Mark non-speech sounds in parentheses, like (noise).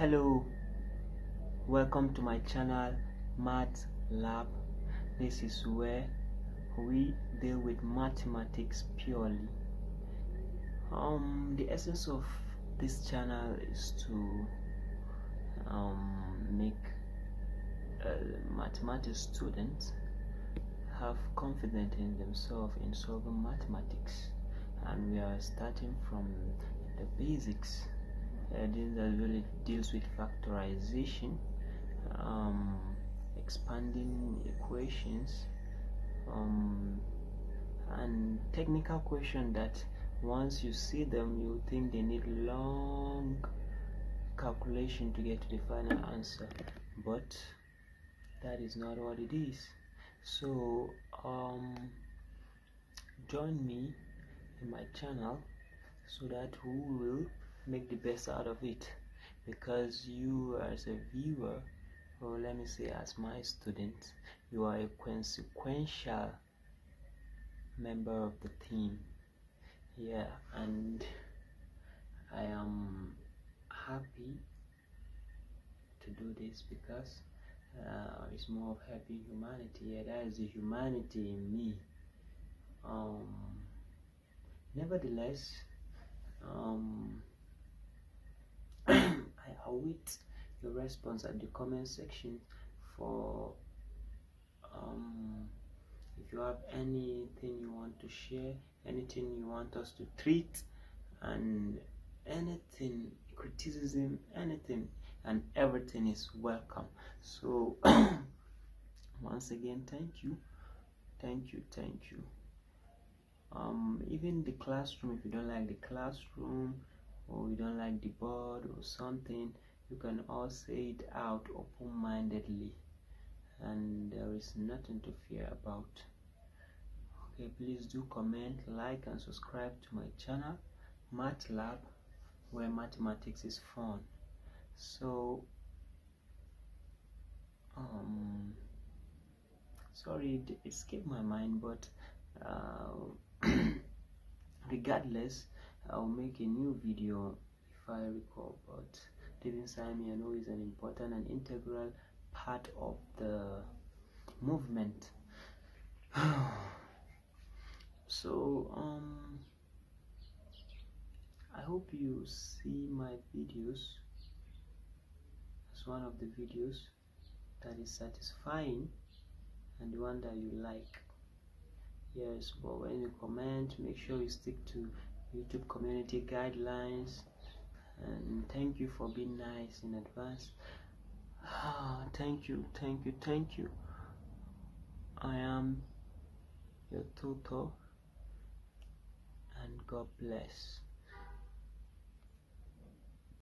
hello welcome to my channel math lab this is where we deal with mathematics purely um the essence of this channel is to um, make a mathematics students have confidence in themselves in solving mathematics and we are starting from the basics this really deals with factorization um, expanding equations um, and technical question that once you see them you think they need long calculation to get to the final answer but that is not what it is so um, join me in my channel so that we will make the best out of it because you as a viewer or let me say as my student you are a consequential member of the team yeah and i am happy to do this because uh, it's more of helping humanity yeah that is the humanity in me um nevertheless um await your response at the comment section for um, if you have anything you want to share anything you want us to treat and anything criticism anything and everything is welcome so (coughs) once again thank you thank you thank you um, even the classroom if you don't like the classroom or you don't like the board or something you can all say it out open-mindedly and there is nothing to fear about okay please do comment like and subscribe to my channel MATLAB where mathematics is fun so um sorry it escaped my mind but uh, (coughs) regardless I'll make a new video if I recall, but leaving Simon, I know is an important and integral part of the movement. (sighs) so, um, I hope you see my videos as one of the videos that is satisfying and the one that you like yes but when you comment make sure you stick to YouTube community guidelines. And thank you for being nice in advance. Ah, thank you, thank you, thank you. I am your tutor, and God bless.